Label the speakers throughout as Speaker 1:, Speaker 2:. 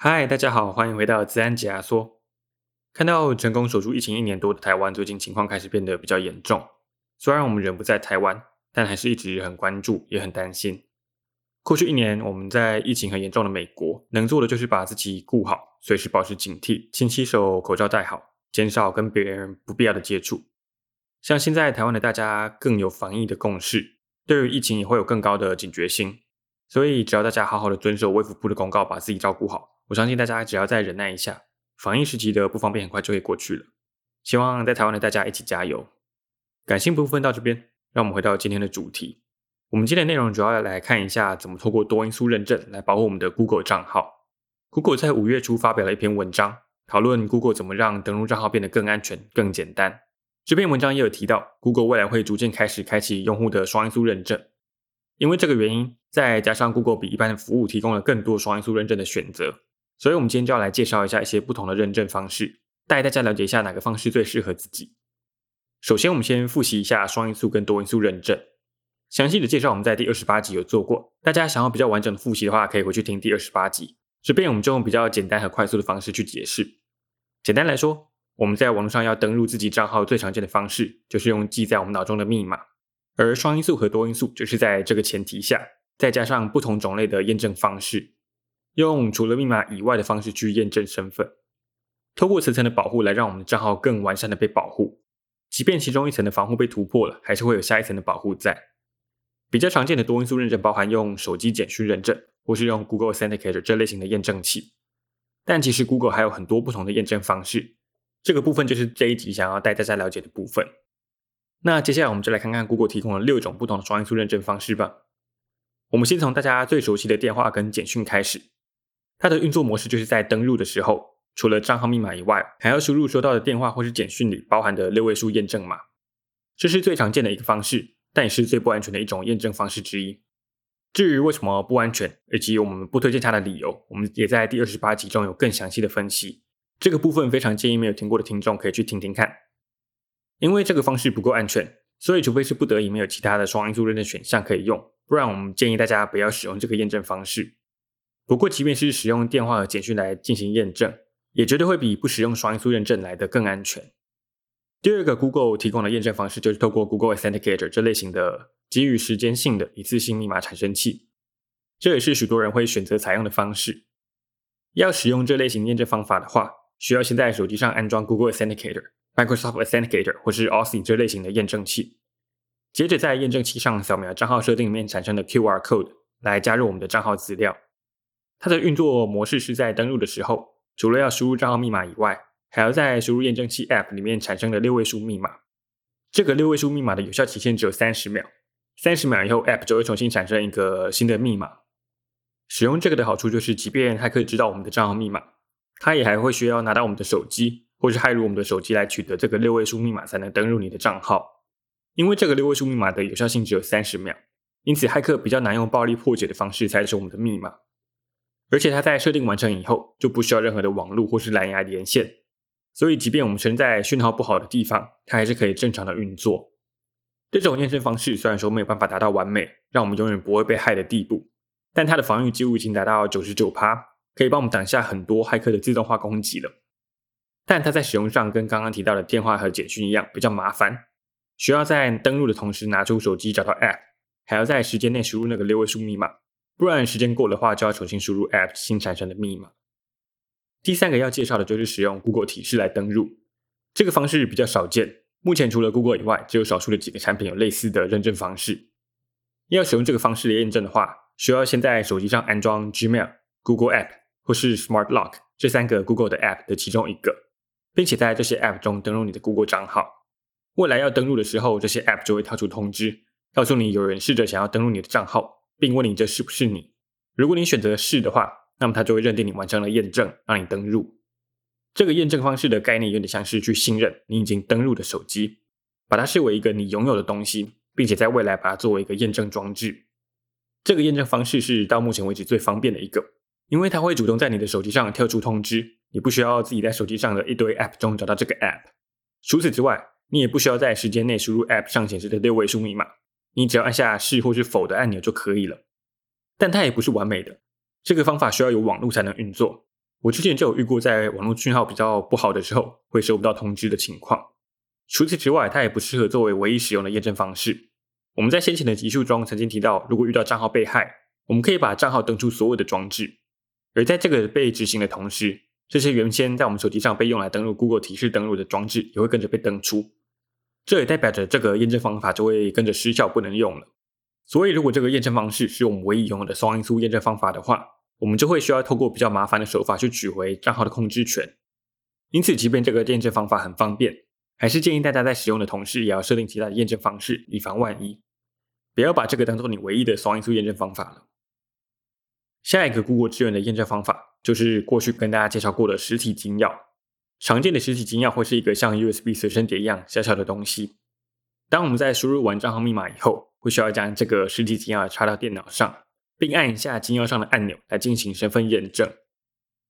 Speaker 1: 嗨，大家好，歡迎回到資安解壓縮。看到成功守住疫情一年多的台灣，最近情況開始變得比較嚴重。雖然我們人不在台灣，但還是一直很關注，也很擔心。過去一年，我們在疫情很嚴重的美國，能做的就是把自己顧好，隨時保持警惕，勤洗手，口罩戴好，減少跟別人不必要的接觸。像現在台灣的大家更有防疫的共識，對於疫情也會有更高的警覺性。所以只要大家好好的遵守衛福部的公告，把自己照顧好。我相信大家只要再忍耐一下，防疫時期的不方便很快就會過去了。希望在台灣的大家一起加油。感性部分到這邊，讓我們回到今天的主題。我們今天的內容主要來看一下怎麼透過多因素認證來保護我們的 Google 賬號。Google 在五月初發表了一篇文章，討論 Google 怎麼讓登錄賬號變得更安全、更簡單。這篇文章也有提到，Google 未來會逐漸開始開啟用戶的雙因素認證。因為這個原因，再加上 Google 比一般的服務提供了更多雙因素認證的選擇。所以，我們今天就要來介紹一下一些不同的認證方式，帶大家了解一下哪個方式最適合自己。首先，我們先複習一下雙因素跟多因素認證，詳細的介紹我們在第二十八集有做過。大家想要比較完整的複習的話，可以回去聽第二十八集。這邊我們就用比較簡單和快速的方式去解釋。簡單來說，我們在網絡上要登錄自己賬號最常見的方式，就是用記在我們腦中的密碼。而雙因素和多因素就是在這個前提下，再加上不同種類的驗證方式。用除了密碼以外的方式去驗證身份，透過層層的保護來讓我們的賬號更完善的被保護。即便其中一層的防護被突破了，還是會有下一層的保護在。比較常見的多因素認證包含用手機簡訊認證或是用 Google Authenticator 這類型的驗證器。但其實 Google 還有很多不同的驗證方式。這個部分就是這一集想要帶大家了解的部分。那接下來我們就來看看 Google 提供了六種不同的雙因素認證方式吧。我們先從大家最熟悉的電話跟簡訊開始。它的運作模式就是在登錄的時候，除了賬號密碼以外，還要輸入收到的電話或是簡訊裡包含的六位數驗證碼。這是最常見的一個方式，但也是最不安全的一種驗證方式之一。至於為什麼不安全，以及我們不推薦它的理由，我們也在第二十八集中有更詳細的分析。這個部分非常建議沒有聽過的聽眾可以去聽聽看，因為這個方式不夠安全，所以除非是不得已沒有其他的雙因素認證選項可以用，不然我們建議大家不要使用這個驗證方式。不過，即便是使用電話和簡訊來進行驗證，也絕對會比不使用雙因素認證來得更安全。第二個 Google 提供的驗證方式就是透過 Google Authenticator 這類型的基於時間性的一次性密碼產生器，這也是許多人會選擇採用的方式。要使用這類型驗證方法的話，需要先在手機上安裝 Google Authenticator、Microsoft Authenticator 或是 Authy 這類型的驗證器，接着在驗證器上掃描賬號設定裡面產生的 QR Code 來加入我們的賬號資料。它的運作模式是在登錄的時候，除了要輸入賬號密碼以外，還要在輸入驗證器 App 裡面產生的六位數密碼。這個六位數密碼的有效期限只有三十秒，三十秒以後 App 就會重新產生一個新的密碼。使用這個的好處就是，即便駭客知道我們的賬號密碼，他也還會需要拿到我們的手機，或是駭入我們的手機來取得這個六位數密碼才能登錄你的賬號。因為這個六位數密碼的有效性只有三十秒，因此駭客比較難用暴力破解的方式猜出我們的密碼。而且它在設定完成以後，就不需要任何的網絡或是藍牙連線，所以即便我們身在訊號不好的地方，它還是可以正常的運作。這種驗證方式雖然說沒有辦法達到完美，讓我們永遠不會被害的地步，但它的防禦幾乎已經達到九十九趴，可以幫我們擋下很多駭客的自動化攻擊了。但它在使用上跟剛剛提到的電話和簡訊一樣，比較麻煩，需要在登錄的同時拿出手機找到 App，還要在時間內輸入那個六位數密碼。不然時間過的話，就要重新輸入 App 新產生的密碼。第三個要介紹的就是使用 Google 提示來登錄，這個方式比較少見，目前除了 Google 以外，只有少數的幾個產品有類似的認證方式。要使用這個方式來驗證的話，需要先在手機上安裝 Gmail、Google App 或是 Smart Lock 這三個 Google 的 App 的其中一個，並且在這些 App 中登錄你的 Google 賬號。未來要登錄的時候，這些 App 就會跳出通知，告訴你有人試着想要登錄你的賬號。並問你這是不是你？如果你選擇是的話，那麼它就會認定你完成了驗證，讓你登入。這個驗證方式的概念有點像是去信任你已經登入的手機，把它視為一個你擁有的東西，並且在未來把它作為一個驗證裝置。這個驗證方式是到目前為止最方便的一個，因為它會主動在你的手機上跳出通知，你不需要自己在手機上的一堆 App 中找到這個 App。除此之外，你也不需要在時間內輸入 App 上顯示的六位數密碼。你只要按下是或是否的按鈕就可以了，但它也不是完美的。這個方法需要有網絡才能運作。我之前就有遇過在網絡訊號比較不好的時候會收不到通知的情況。除此之外，它也不適合作為唯一使用的驗證方式。我們在先前的集數中曾經提到，如果遇到賬號被害，我們可以把賬號登出所有的裝置。而在這個被執行的同時，這些原先在我們手機上被用來登錄 Google 提示登錄的裝置，也會跟着被登出。這也代表着這個驗證方法就會跟着失效，不能用了。所以，如果這個驗證方式是我們唯一擁有的雙因素驗證方法的話，我們就會需要透過比較麻煩的手法去取回賬號的控制權。因此，即便這個驗證方法很方便，還是建議大家在使用的同時，也要設定其他的驗證方式，以防萬一。不要把這個當做你唯一的雙因素驗證方法了。下一個 Google 支援的驗證方法，就是過去跟大家介紹過的實體金鑰。常見的實體金鑰會是一個像 USB 隨身碟一樣小小的東西。當我們在輸入完賬號密碼以後，會需要將這個實體金鑰插到電腦上，並按一下金鑰上的按鈕來進行身份驗證。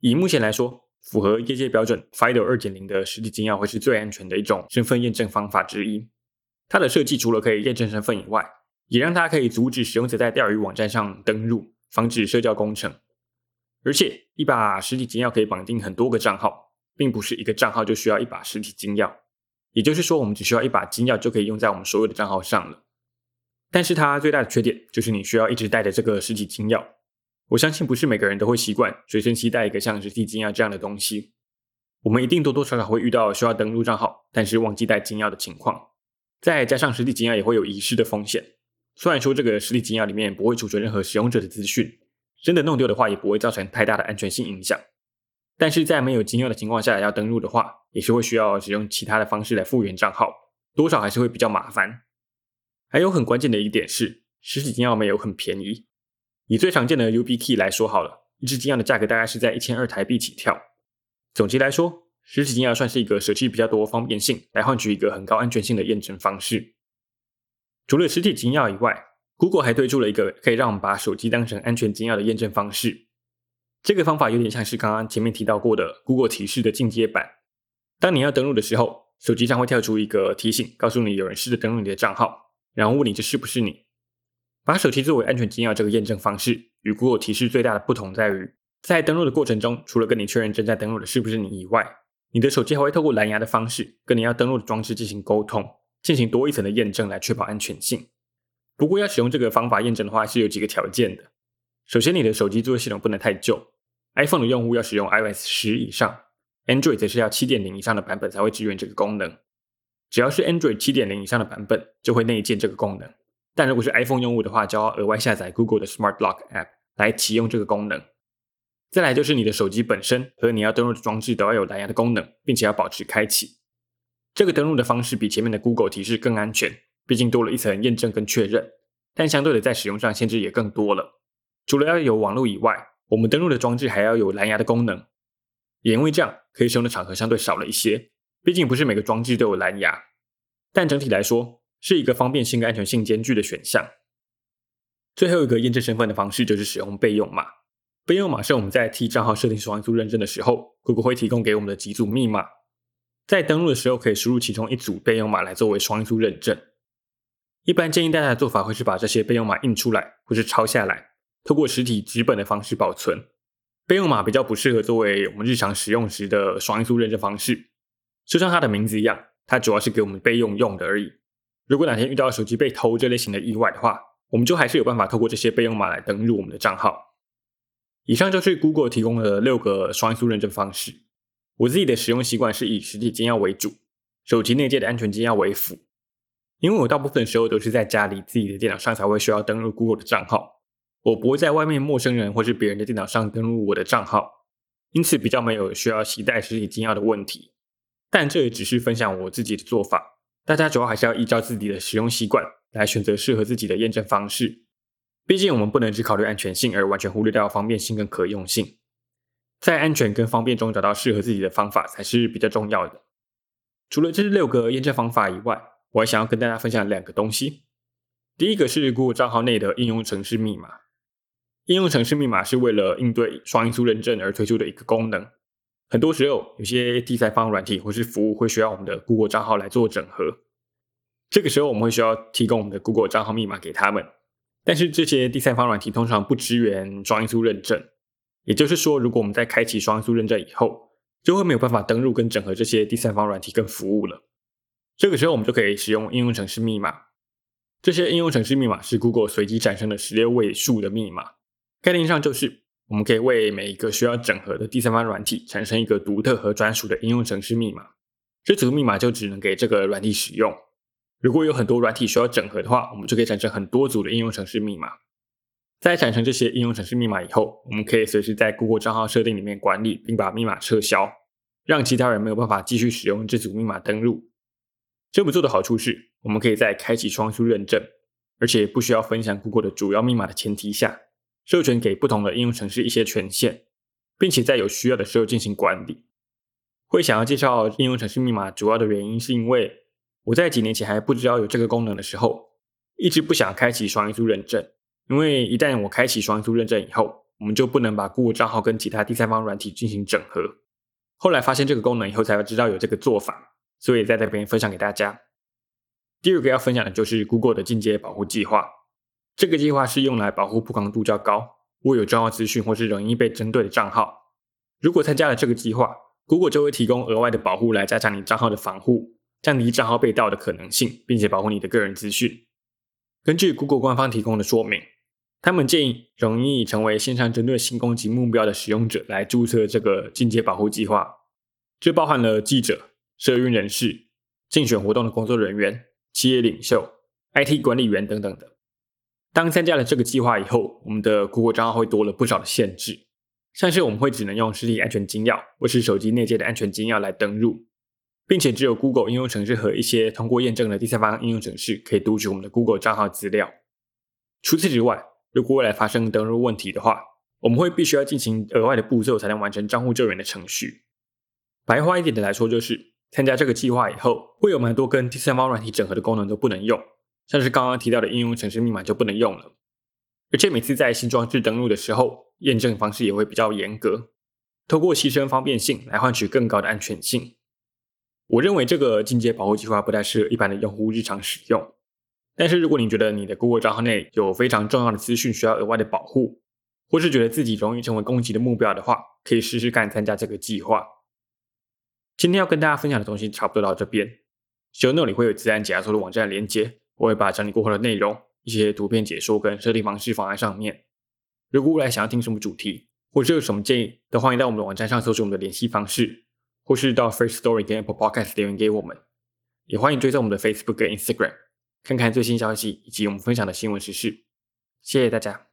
Speaker 1: 以目前來說，符合業界標準 FIDO 2.0的實體金鑰會是最安全的一種身份驗證方法之一。它的設計除了可以驗證身份以外，也讓它可以阻止使用者在釣魚網站上登錄，防止社交工程。而且，一把實體金鑰可以綁定很多個賬號。並不是一個賬號就需要一把實體金鑰，也就是說，我們只需要一把金鑰就可以用在我們所有的賬號上了。但是它最大的缺點就是你需要一直帶着這個實體金鑰。我相信不是每個人都會習慣隨身攜帶一個像實體金鑰這樣的東西。我們一定多多少少會遇到需要登錄賬號，但是忘記帶金鑰的情況。再加上實體金鑰也會有遺失的風險。雖然說這個實體金鑰裡面不會儲存任何使用者的資訊，真的弄丟的話也不會造成太大的安全性影響。但是在沒有金鑰的情況下要登錄的話，也是會需要使用其他的方式來復原賬號，多少還是會比較麻煩。還有很關鍵的一點是，實體金鑰沒有很便宜。以最常見的 YubiKey 來說好了，一支金鑰的價格大概是在一千二台幣起跳。總結來說，實體金鑰算是一個捨棄比較多方便性，來換取一個很高安全性的驗證方式。除了實體金鑰以外，Google 還推出了一個可以讓我們把手機當成安全金鑰的驗證方式。這個方法有點像是剛剛前面提到過的 Google 提示的進階版。當你要登錄的時候，手機上會跳出一個提醒，告訴你有人試着登錄你的賬號，然後問你這是不是你。把手機作為安全金鑰這個驗證方式，與 Google 提示最大的不同在於，在登錄的過程中，除了跟你確認正在登錄的是不是你以外，你的手機還會透過藍牙的方式跟你要登錄的裝置進行溝通，進行多一層的驗證來確保安全性。不過要使用這個方法驗證的話，是有幾個條件的。首先，你的手機作業系統不能太舊。iPhone 的用戶要使用 iOS 十以上，Android 則是要七點零以上的版本才會支援這個功能。只要是 Android 七點零以上的版本，就會內建這個功能。但如果是 iPhone 用戶的話，就要額外下載 Google 的 Smart Lock App 來啟用這個功能。再來就是你的手機本身和你要登錄的裝置都要有藍牙的功能，並且要保持開啟。這個登錄的方式比前面的 Google 提示更安全，畢竟多了一層驗證跟確認。但相對的，在使用上限制也更多了，除了要有網絡以外，我們登錄的裝置還要有藍牙的功能，也因為這樣，可以使用的場合相對少了一些。畢竟不是每個裝置都有藍牙，但整體來說是一個方便性跟安全性兼具的選項。最後一個驗證身份的方式就是使用備用碼。備用碼是我們在替賬號設定雙因素認證的時候，Google 會提供給我們的幾組密碼，在登錄的時候可以輸入其中一組備用碼來作為雙因素認證。一般建議大家的做法會是把這些備用碼印出來，或是抄下來。透過實體紙本的方式保存，備用碼比較不適合作為我們日常使用時的雙因素認證方式。就像它的名字一樣，它主要是給我們備用用的而已。如果哪天遇到手機被偷這類型的意外的話，我們就還是有辦法透過這些備用碼來登入我們的賬號。以上就是 Google 提供的六個雙因素認證方式。我自己的使用習慣是以實體金鑰為主，手機內建的安全金鑰為輔。因為我大部分時候都是在家裡自己的電腦上才會需要登入 Google 的賬號。我不會在外面陌生人或是別人的電腦上登錄我的賬號，因此比較沒有需要攜帶實體金鑰的問題。但這也只是分享我自己的做法，大家主要還是要依照自己的使用習慣來選擇適合自己的驗證方式。畢竟我們不能只考慮安全性而完全忽略掉方便性跟可用性，在安全跟方便中找到適合自己的方法才是比較重要的。除了這六個驗證方法以外，我還想要跟大家分享兩個東西。第一個是 Google 賬號內的應用程式密碼。應用程式密碼是為了應對雙因素認證而推出的一個功能。很多時候，有些第三方軟體或是服務會需要我們的 Google 賬號來做整合。這個時候，我們會需要提供我們的 Google 賬號密碼給他們。但是，這些第三方軟體通常不支援雙因素認證。也就是說，如果我們在開啟雙因素認證以後，就會沒有辦法登入跟整合這些第三方軟體跟服務了。這個時候，我們就可以使用應用程式密碼。這些應用程式密碼是 Google 隨機產生的十六位數的密碼。概念上就是，我們可以為每一個需要整合的第三方軟體產生一個獨特和專屬的應用程式密碼，這組密碼就只能給這個軟體使用。如果有很多軟體需要整合的話，我們就可以產生很多組的應用程式密碼。在產生這些應用程式密碼以後，我們可以隨時在 Google 賬號設定裡面管理，並把密碼撤銷，讓其他人沒有辦法繼續使用這組密碼登錄。這麼做的好處是，我們可以在開啟雙因素認證，而且不需要分享 Google 的主要密碼的前提下。授權給不同的應用程式一些權限，並且在有需要的時候進行管理。會想要介紹應用程式密碼主要的原因，是因為我在幾年前還不知道有這個功能的時候，一直不想開啟雙因素認證，因為一旦我開啟雙因素認證以後，我們就不能把 Google 賬號跟其他第三方軟體進行整合。後來發現這個功能以後，才知道有這個做法，所以在這邊分享給大家。第二個要分享的就是 Google 的進階保護計劃。這個計劃是用來保護曝光度較高、握有賬號資訊，或是容易被針對的賬號。如果參加了這個計劃，Google 就會提供額外的保護來加強你賬號的防護，降低賬號被盜的可能性，並且保護你的個人資訊。根據 Google 官方提供的說明，他們建議容易成為線上針對性攻擊目標的使用者來註冊這個進階保護計劃，這包含了記者、社運人士、競選活動的工作人員、企業領袖、IT 管理員等等的。當參加了這個計劃以後，我們的 Google 賬號會多了不少的限制，像是我們會只能用實體安全金鑰或是手機內建的安全金鑰來登入，並且只有 Google 應用程式和一些通過驗證的第三方應用程式可以讀取我們的 Google 賬號資料。除此之外，如果未來發生登入問題的話，我們會必須要進行額外的步驟才能完成賬戶救援的程序。白話一點的來說，就是參加這個計劃以後，會有蠻多跟第三方軟體整合的功能都不能用。像是剛剛提到的應用程序密碼就不能用了，而且每次在新裝置登錄的時候，驗證方式也會比較嚴格，透過犧牲方便性來換取更高的安全性。我認為這個進階保護計劃不太適合一般的用戶日常使用，但是如果你覺得你的 Google 賬號內有非常重要的資訊需要額外的保護，或是覺得自己容易成為攻擊的目標的話，可以試試看參加這個計劃。今天要跟大家分享的東西差不多到這邊，Shownote 裡會有資安解壓縮的網站的連接。我會把整理過後的內容、一些圖片解說跟設定方式放在上面。如果未來想要聽什麼主題，或者是有什麼建議，都歡迎到我們的網站上搜索我們的聯繫方式，或是到 Firstory 跟 Apple Podcast 留言給我們。也歡迎追蹤我們的 Facebook 和 Instagram，看看最新消息以及我們分享的新聞時事。謝謝大家。